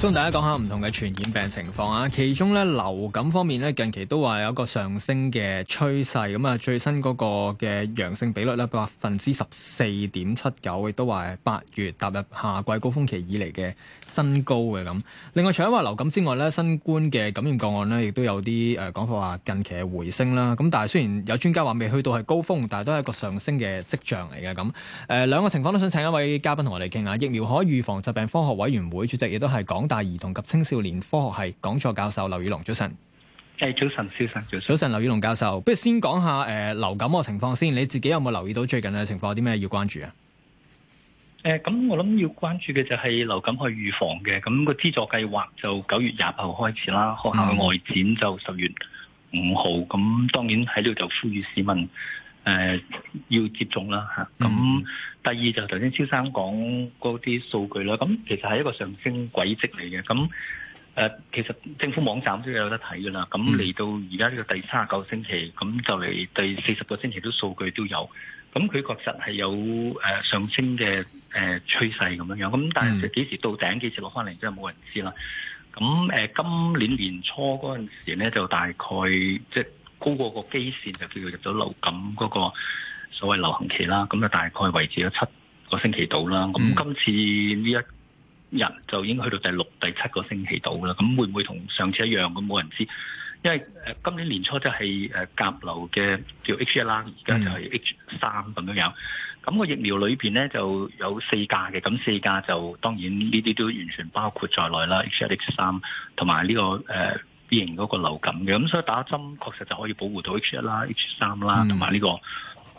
同大家講下唔同嘅傳染病情況啊，其中咧，流感方面咧，近期都話有一個上升嘅趨勢，咁啊最新嗰個嘅陽性比率咧，百分之十四點七九，亦都話八月踏入夏季高峰期以嚟嘅新高嘅咁。另外除咗話流感之外咧，新冠嘅感染個案呢亦都有啲誒講法話近期嘅回升啦，咁但係雖然有專家話未去到係高峰，但係都係一個上升嘅跡象嚟嘅咁。誒兩個情況都想請一位嘉賓同我哋傾下，疫苗可預防疾病科學委員會主席亦都係講。大兒童及青少年科學系講座教授劉宇隆，早晨。誒，早晨，先早晨。早晨，劉宇隆教授，不如先講下誒、呃、流感個情況先。你自己有冇留意到最近嘅情況？有啲咩要關注啊？咁、呃、我諗要關注嘅就係流感去預防嘅。咁、個資助計劃就九月廿八號開始啦。學校嘅外展就十月五號。咁當然喺呢度就呼籲市民。誒、呃、要接種啦嚇，咁第二就頭先蕭生講嗰啲數據啦，咁其實係一個上升軌跡嚟嘅，咁誒、呃、其實政府網站都有得睇㗎啦，咁嚟到而家呢個第三十九星期，咁就嚟第四十個星期啲數據都有，咁佢確實係有誒上升嘅誒、呃、趨勢咁樣樣，咁但係幾時到頂、幾時落翻嚟真係冇人知啦。咁誒、呃、今年年初嗰陣時咧，就大概即係。就是高過個基線就叫做入咗流感嗰個所謂流行期啦，咁就大概維持咗七個星期到啦。咁今次呢一日就已經去到第六、第七個星期到啦。咁會唔會同上次一樣？咁冇人知，因為今年年初即係誒甲流嘅叫 H 一啦，而家就係 H 三咁樣樣。咁個疫苗裏邊咧就有四價嘅，咁四價就當然呢啲都完全包括在內啦。H 一、這個、H 三同埋呢個誒型、那、嗰個流感嘅，咁所以打針確實就可以保護到 H 一啦、H 三啦，同埋呢個。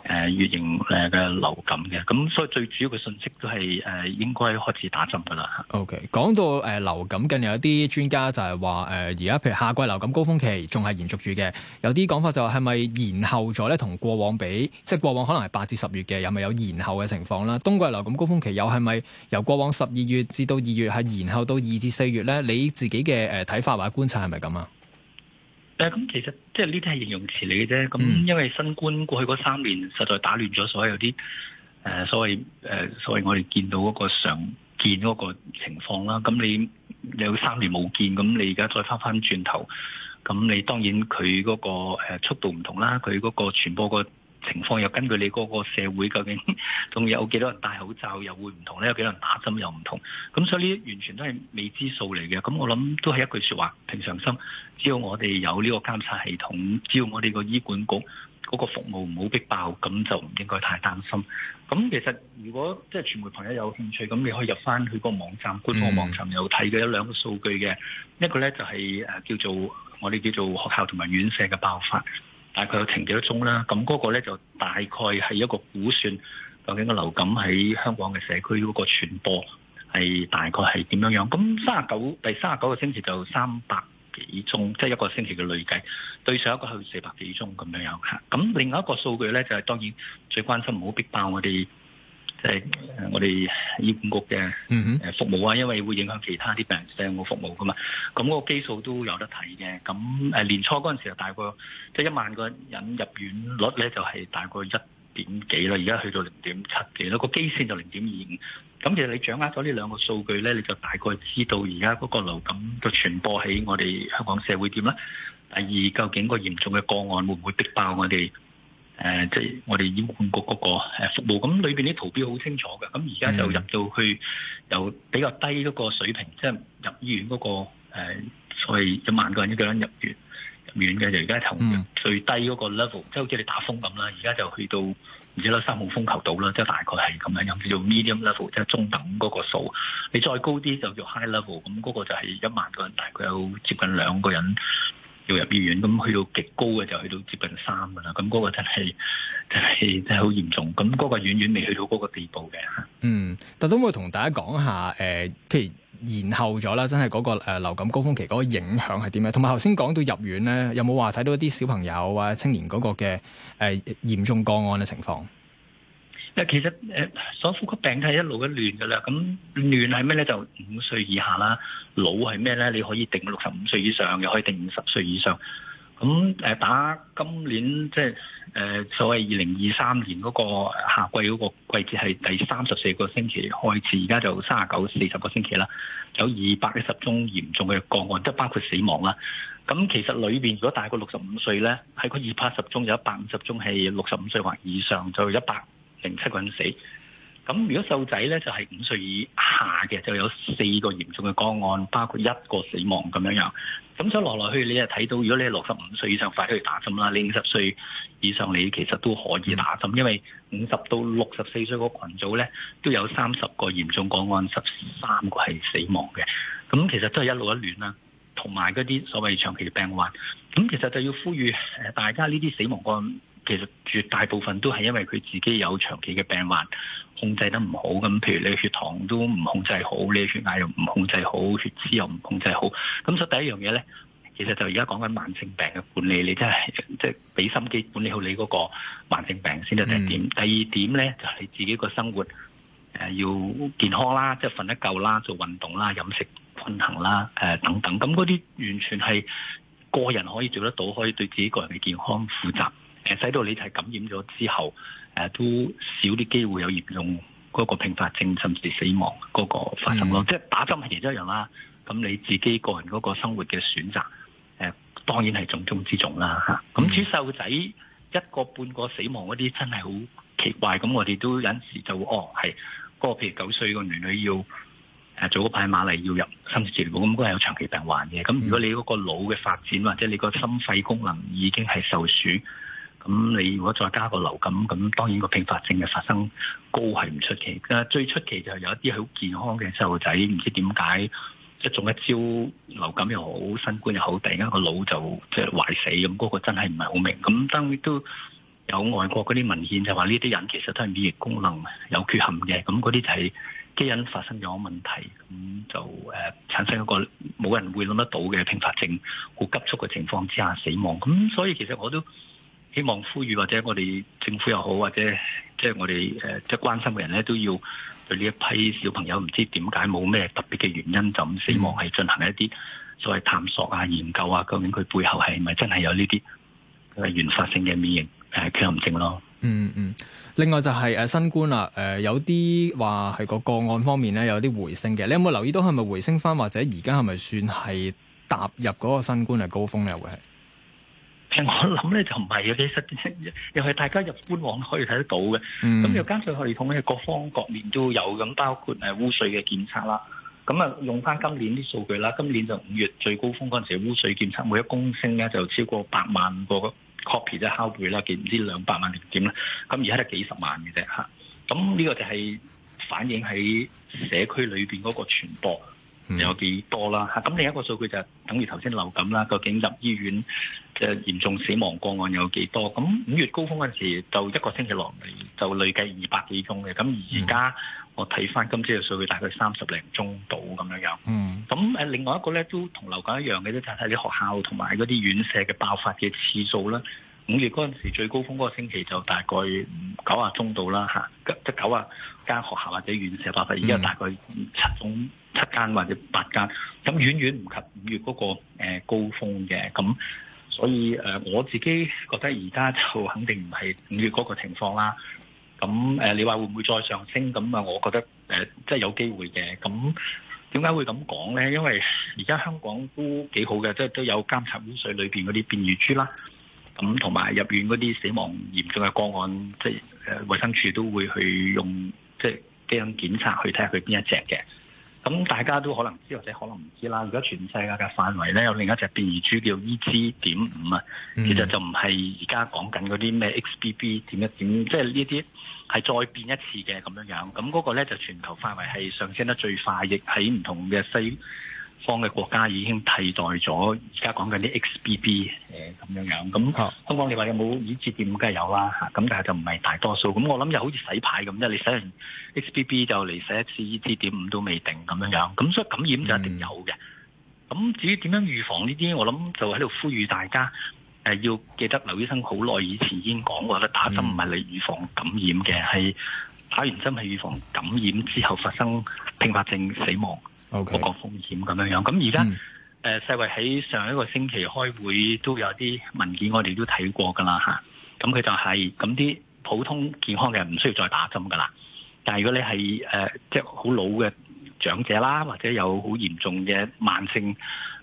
誒、呃，乙型誒嘅流感嘅，咁所以最主要嘅信息，都係誒、呃、應該開始打針噶啦。OK，講到誒、呃、流感，近日有啲專家就係話，誒而家譬如夏季流感高峰期仲係延續住嘅，有啲講法就係咪延後咗咧？同過往比，即係過往可能係八至十月嘅，有咪有延後嘅情況啦？冬季流感高峰期又係咪由過往十二月至到二月係延後到二至四月咧？你自己嘅誒睇法或者觀察係咪咁啊？但誒咁其實即係呢啲係形容詞嚟嘅啫，咁、嗯、因為新冠過去嗰三年實在打亂咗所有啲誒、呃、所謂誒、呃、所謂我哋見到嗰個常見嗰個情況啦。咁你，你有三年冇見，咁你而家再翻翻轉頭，咁你當然佢嗰個速度唔同啦，佢嗰個傳播個情況又根據你嗰個社會究竟仲有幾多人戴口罩又會唔同咧？有幾多人打針又唔同？咁所以呢完全都係未知數嚟嘅。咁我諗都係一句說話，平常心。只要我哋有呢個監察系統，只要我哋個醫管局嗰個服務唔好逼爆，咁就唔應該太擔心。咁其實如果即係傳媒朋友有興趣，咁你可以入翻佢個網站，嗯、官網網站有睇嘅有兩個數據嘅。一個呢就係誒叫做我哋叫做學校同埋院舍嘅爆發。大概有停幾多宗啦？咁嗰個咧就大概係一個估算，究竟個流感喺香港嘅社區嗰個傳播係大概係點樣樣？咁三十九第三十九個星期就三百幾宗，即係一個星期嘅累計，對上一個去四百幾宗咁樣樣嚇。咁另外一個數據咧就係當然最關心，唔好逼爆我哋。即係、 就是、我哋醫管局嘅服務啊，因為會影響其他啲病人嘅服務噶嘛。咁嗰個基數都有得睇嘅。咁誒年初嗰陣時候大就大概，即係一萬個人入院率咧就係大概一點幾啦。而家去到零點七幾啦，個基線就零點二五。咁其實你掌握咗呢兩個數據咧，你就大概知道而家嗰個流感嘅傳播喺我哋香港社會點啦。第二，究竟個嚴重嘅個案會唔會逼爆我哋？誒、呃，即係我哋醫管局嗰個服務，咁、呃、裏面啲圖標好清楚嘅。咁而家就入到去，有比較低嗰個水平，即、就、係、是、入醫院嗰、那個、呃、所謂一萬個人一個人入院入院嘅，就而家投最低嗰個 level、嗯、即係好似你打風咁啦。而家就去到唔知啦，三號風球度啦，即係大概係咁樣，又叫做 medium level，即係中等嗰個數。你再高啲就叫 high level，咁嗰個就係一萬個人，大概有接近兩個人。要入醫院，咁去到極高嘅就去到接近三噶啦，咁嗰個真係真係真係好嚴重，咁嗰個遠遠未去到嗰個地步嘅。嗯，但都會同大家講下，誒、呃，譬如延後咗啦，真係嗰個誒流感高峰期嗰個影響係點啊？同埋頭先講到入院咧，有冇話睇到一啲小朋友啊、青年嗰個嘅誒嚴重個案嘅情況？其實誒，所呼吸病係一路一亂噶啦。咁亂係咩咧？就五歲以下啦。老係咩咧？你可以定六十五歲以上，又可以定五十歲以上。咁誒，打今年即係誒，所謂二零二三年嗰個夏季嗰個季節係第三十四個星期開始，而家就三十九四十個星期啦。有二百一十宗嚴重嘅個案，即係包括死亡啦。咁其實裏邊如果大過六十五歲咧，喺個二百一十宗有一百五十宗係六十五歲或以上，就一百。零七個人死，咁如果細路仔咧就係五歲以下嘅就有四個嚴重嘅個案，包括一個死亡咁樣樣。咁所以落嚟去你係睇到，如果你係六十五歲以上快去打針啦，你五十歲以上你其實都可以打針，因為五十到六十四歲個群組咧都有三十個嚴重個案，十三個係死亡嘅。咁其實都係一路一亂啦，同埋嗰啲所謂長期嘅病患。咁其實就要呼籲大家呢啲死亡個案。其實絕大部分都係因為佢自己有長期嘅病患控制得唔好，咁譬如你血糖都唔控制好，你血壓又唔控制好，血脂又唔控制好，咁所以第一樣嘢咧，其實就而家講緊慢性病嘅管理，你真係即係俾心機管理好你嗰個慢性病先得。第一點、嗯，第二點咧就係、是、你自己個生活誒、呃、要健康啦，即係瞓得夠啦，做運動啦，飲食均衡啦，誒、呃、等等，咁嗰啲完全係個人可以做得到，可以對自己個人嘅健康負責。使到你係感染咗之後，誒都少啲機會有嚴重嗰個併發症，甚至死亡嗰個發生咯、嗯。即係打針係然之一樣啦。咁你自己個人嗰個生活嘅選擇，誒當然係重中之重啦嚇。咁至於細路仔一個半個死亡嗰啲真係好奇怪。咁我哋都有時就哦係、嗰個譬如九歲個女女要，誒早排瑪麗要入深切治療部，咁嗰係有長期病患嘅。咁如果你嗰個腦嘅發展或者你個心肺功能已經係受損，咁你如果再加個流感，咁當然個併發症嘅發生高係唔出奇。但最出奇就係有一啲好健康嘅細路仔，唔知點解一中一招流感又好，新冠又好，突然間個腦就即係壞死咁，嗰、嗰個真係唔係好明。咁當然都有外國嗰啲文獻就話呢啲人其實都係免疫功能有缺陷嘅，咁嗰啲就係基因發生咗問題，咁就誒、呃、產生一個冇人會諗得到嘅併發症，好急促嘅情況之下死亡。咁所以其實我都。希望呼籲或者我哋政府又好，或者即係我哋誒即係關心嘅人咧，都要對呢一批小朋友唔知點解冇咩特別嘅原因，就咁希望係進行一啲所謂探索啊、研究啊，究竟佢背後係咪真係有呢啲誒原發性嘅免疫誒缺陷咯？嗯嗯，另外就係、是、誒新冠啊，誒、呃、有啲話係個個案方面咧有啲回升嘅，你有冇留意到係咪回升翻，或者而家係咪算係踏入嗰個新冠嘅高峰咧？會係？ 我諗咧就唔係嘅，其實又係大家入官網可以睇得到嘅。咁、mm. 又加上系統咧，各方各面都有咁，包括誒污水嘅檢測啦。咁啊，用翻今年啲數據啦，今年就五月最高峰嗰陣時，污水檢測每一公升咧就超過百萬個 copy 即係拷貝啦，見唔知兩百萬點點啦。咁而家係幾十萬嘅啫吓。咁呢個就係反映喺社區裏邊嗰個傳播有幾多啦吓。咁、mm. 另一個數據就等於頭先流感啦，究竟入醫院？嚴重死亡個案有幾多？咁五月高峰嗰陣時就一個星期落嚟就累計二百幾宗嘅。咁而家我睇翻今朝嘅數據，大概三十零宗度咁樣樣。嗯。咁誒，另外一個咧都同流感一樣嘅，就係睇啲學校同埋嗰啲院舍嘅爆發嘅次數啦。五月嗰陣時最高峰嗰個星期就大概九啊宗度啦嚇，即九啊間學校或者院舍爆發，而家大概七宗七間或者八間，咁遠遠唔及五月嗰個誒高峰嘅咁。所以誒，我自己覺得而家就肯定唔係五月嗰個情況啦。咁誒，你話會唔會再上升？咁啊，我覺得誒，即係有機會嘅。咁點解會咁講咧？因為而家香港都幾好嘅，即係都有監察污水裏邊嗰啲變異株啦。咁同埋入院嗰啲死亡嚴重嘅個案，即係誒衞生署都會去用即係基因檢查去睇下佢邊一隻嘅。咁大家都可能知或者可能唔知啦。而家全世界嘅範圍咧，有另一隻變異株叫 E G 點五啊，其實就唔係而家講緊嗰啲咩 X B B 點一點，即係呢啲係再變一次嘅咁樣樣。咁嗰個咧，就全球範圍係上升得最快，亦喺唔同嘅西方嘅國家已經替代咗而家講緊啲 XBB 誒、呃、咁樣樣，咁、啊、香港你話有冇二點五？梗係有啦嚇，咁但係就唔係大多數。咁我諗又好似洗牌咁，即係你洗完 XBB 就嚟洗一次二點五都未定咁樣樣。咁所以感染就一定有嘅。咁、嗯、至於點樣預防呢啲？我諗就喺度呼籲大家誒、呃、要記得，劉醫生好耐以前已經講過啦，打針唔係嚟預防感染嘅，係、嗯、打完針係預防感染之後發生併發症死亡。個、okay. 風險咁樣樣，咁而家誒世衞喺上一個星期開會，都有啲文件我，我哋都睇過噶啦吓，咁佢就係咁啲普通健康嘅人唔需要再打針噶啦。但如果你係誒，即係好老嘅長者啦，或者有好嚴重嘅慢性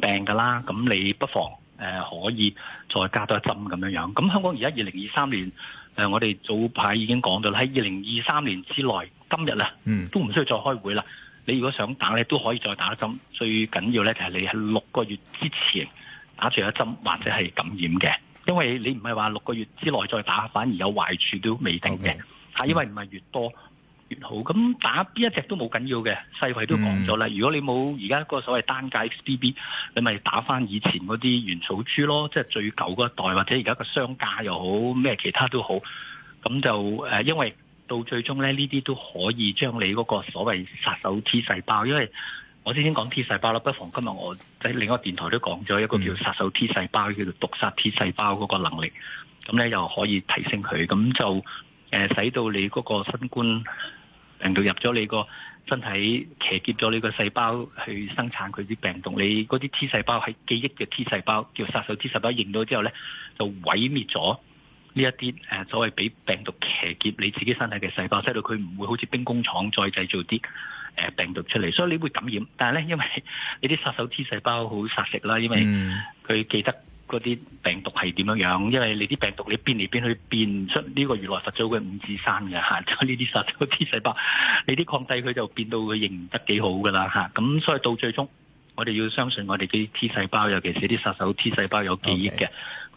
病噶啦，咁你不妨誒、呃、可以再加多一針咁樣樣。咁香港而家二零二三年誒、呃，我哋早排已經講咗啦，喺二零二三年之內，今日啦，都唔需要再開會啦。你如果想打咧，都可以再打一針。最緊要咧，就係你係六個月之前打住一針，或者係感染嘅。因為你唔係話六個月之內再打，反而有壞處都未定嘅。啊、okay.，因為唔係越多越好。咁打邊一隻都冇緊要嘅，世衛都講咗啦。如果你冇而家個所謂單價 XBB，你咪打返以前嗰啲原始株咯，即係最舊嗰一代，或者而家個雙價又好，咩其他都好。咁就、呃、因為。到最終咧，呢啲都可以將你嗰個所謂殺手 T 細胞，因為我先先講 T 細胞啦，不妨今日我喺另一個電台都講咗一個叫殺手 T 細胞，叫做毒殺 T 細胞嗰個能力，咁咧又可以提升佢，咁就、呃、使到你嗰個新冠病毒入咗你個身體，騎劫咗你個細胞去生產佢啲病毒，你嗰啲 T 細胞係記憶嘅 T 細胞，叫殺手 T 細胞，認到之後咧就毀滅咗。呢一啲誒所謂俾病毒騎劫你自己身體嘅細胞，使到佢唔會好似兵工廠再製造啲誒病毒出嚟，所以你會感染。但係咧，因為你啲殺手 T 細胞好殺食啦，因為佢記得嗰啲病毒係點樣樣。因為你啲病毒你變嚟變去變出呢個如來佛祖嘅五指山嘅嚇，咁呢啲殺手 T 細胞你啲抗體佢就變到佢認得幾好噶啦嚇。咁所以到最終，我哋要相信我哋啲 T 細胞，尤其是啲殺手 T 細胞有記憶嘅。Okay.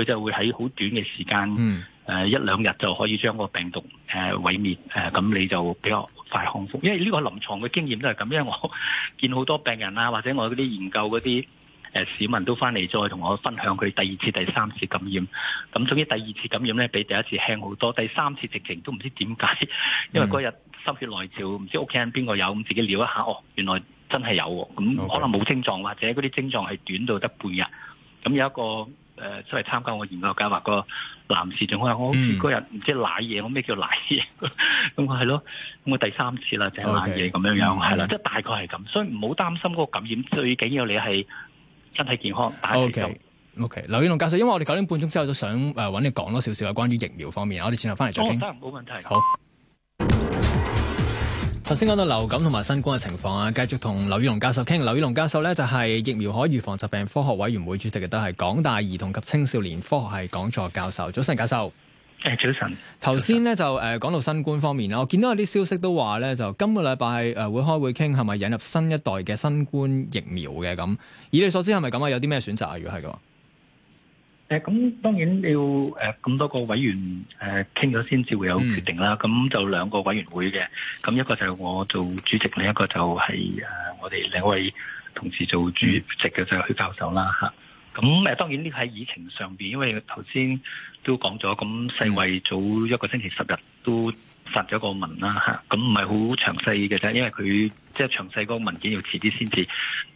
佢就會喺好短嘅時間，誒、嗯呃、一兩日就可以將個病毒誒、呃、毀滅，誒、呃、咁你就比較快康復。因為呢個臨床嘅經驗都係咁，因為我見好多病人啦、啊，或者我啲研究嗰啲誒市民都翻嚟再同我分享佢第二次、第三次感染。咁總之第二次感染咧比第一次輕好多，第三次直情都唔知點解，因為嗰日心血來潮，唔知屋企人邊個有，咁自己撩一下，哦，原來真係有喎。咁可能冇症狀，或者嗰啲症狀係短到得半日。咁有一個，誒、呃、出嚟參加我的研究計劃個男士仲好、嗯。我嗰日唔知賴嘢，我咩叫賴嘢？咁我係咯，咁我第三次啦，就係賴嘢咁樣樣，係、嗯、啦，即係大概係咁，所以唔好擔心嗰個感染。最緊要你係身體健康。O K O K，劉宇隆教授，因為我哋九、呃、點半鐘之後都想誒揾你講多少少啊，關於疫苗方面，我哋轉頭翻嚟再傾、哦。得，冇問題。好。頭先講到流感同埋新冠嘅情況啊，繼續同劉宇隆教授傾。劉宇隆教授咧就係疫苗可預防疾病科學委員會主席，亦都係港大兒童及青少年科學系講座教授。早晨，教授。誒，早晨。頭先咧就誒講到新冠方面啦，我見到有啲消息都話咧就今個禮拜誒會開會傾係咪引入新一代嘅新冠疫苗嘅咁。以你所知係咪咁啊？有啲咩選擇啊？如果係嘅。咁當然要咁多個委員誒傾咗先至會有決定啦。咁、嗯、就兩個委員會嘅，咁一個就係我做主席，另一個就係誒我哋兩位同事做主席嘅、嗯、就係許教授啦。咁誒當然呢個喺議程上邊，因為頭先都講咗，咁世衛早一個星期十日都發咗個文啦。咁唔係好詳細嘅啫，因為佢即係詳細個文件要遲啲先至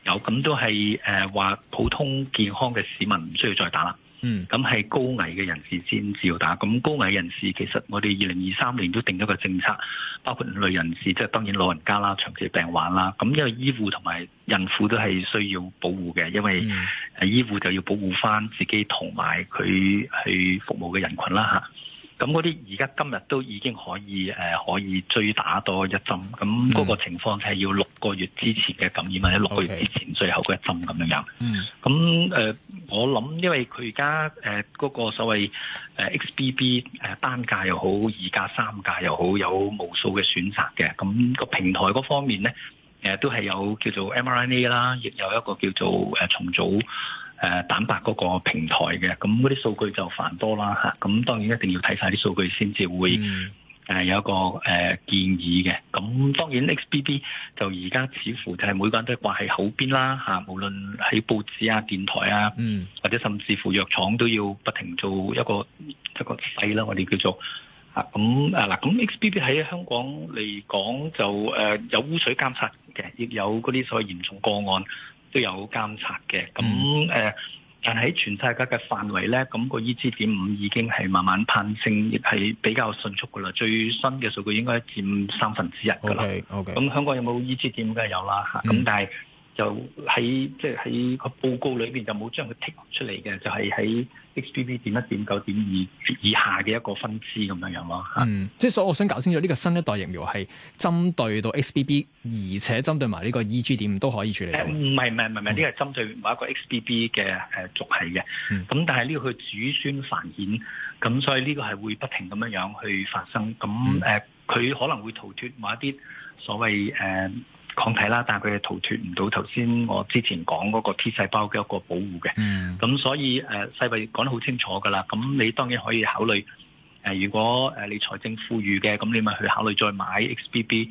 有。咁都係誒話普通健康嘅市民唔需要再打啦。嗯，咁係高危嘅人士先照打。咁高危人士其實我哋二零二三年都定咗個政策，包括兩類人士，即係當然老人家啦、長期病患啦。咁因為醫護同埋孕婦都係需要保護嘅，因為醫護就要保護翻自己同埋佢去服務嘅人群啦嚇。咁嗰啲而家今日都已經可以、呃、可以追打多一針。咁嗰個情況就係要六個月之前嘅感染或者、okay. 六個月之前最後嗰一針咁樣樣。咁、嗯我諗，因為佢而家誒嗰個所謂 XBB 誒單價又好，二價、三價又好，有無數嘅選擇嘅。咁、嗰個平台嗰方面咧，都係有叫做 mRNA 啦，亦有一個叫做重組蛋白嗰個平台嘅。咁嗰啲數據就繁多啦嚇。咁當然一定要睇晒啲數據先至會。嗯誒、呃、有一個誒、呃、建議嘅，咁當然 XBB 就而家似乎就係每個人都掛喺口邊啦嚇、啊，無論喺報紙啊、電台啊，嗯，或者甚至乎藥廠都要不停做一個一個勢啦，我哋叫做咁嗱，咁、啊啊、XBB 喺香港嚟講就誒、呃、有污水監測嘅，亦有嗰啲所謂嚴重個案都有監測嘅，咁、嗯、誒。但喺全世界嘅範圍咧，咁個 EG 點五已經係慢慢攀升，亦係比較迅速噶啦。最新嘅數據應該占三分之一噶啦。OK, okay。咁香港有冇 EG 點五？梗係有啦嚇。咁但係。就喺即係喺個報告裏邊就冇將佢剔出嚟嘅，就係、是、喺 XBB. 點一點九點二以下嘅一個分支咁樣樣咯。嗯，即係所以我想搞清楚呢、呢個新一代疫苗係針對到 XBB，而且針對埋呢個 EG. 點五都可以處理到的。誒唔係唔係唔係，呢個係針對某一個 XBB 嘅誒族系嘅。咁、呃嗯、但係呢個佢主宣繁衍，咁所以呢個係會不停咁樣樣去發生。咁誒，佢、呃嗯、可能會逃脫某一啲所謂誒。呃抗體啦，但係佢係逃脫唔到頭先我之前講嗰個 T 細胞嘅一個保護嘅。咁、嗯、所以誒，世衛講得好清楚㗎喇。咁你當然可以考慮、呃、如果你財政富裕嘅，咁你咪去考慮再買 XBB、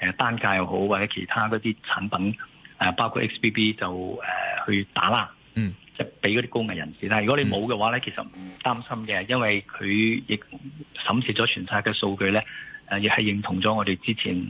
呃、單價又好或者其他嗰啲產品、呃、包括 XBB 就、呃、去打啦。嗯，即係俾嗰啲高危人士啦。但如果你冇嘅話咧、嗯，其實唔擔心嘅，因為佢亦審視咗全晒嘅數據咧，亦、呃、係認同咗我哋之前。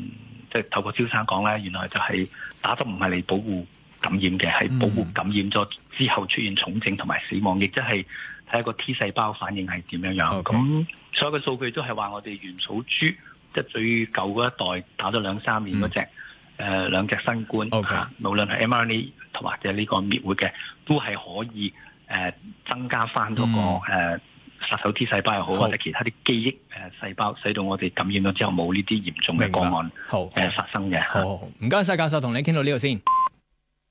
即係透過招生講咧，原來就係打咗唔係嚟保護感染嘅，係保護感染咗之後出現重症同埋死亡，亦即係睇下個 T 細胞反應係點樣樣。咁、okay. 所有嘅數據都係話我哋，原始株即係最舊嗰一代打咗兩三年嗰隻，誒兩隻新冠嚇，okay. 無論係 mRNA 同或者呢個滅活嘅，都係可以誒、呃、增加翻、那、嗰個、嗯殺手 T 細胞又好，好，或者其他啲記憶細胞，使到我哋感染咗之後冇呢啲嚴重嘅個案好發生嘅。好，唔該晒教授，同你傾到呢度先。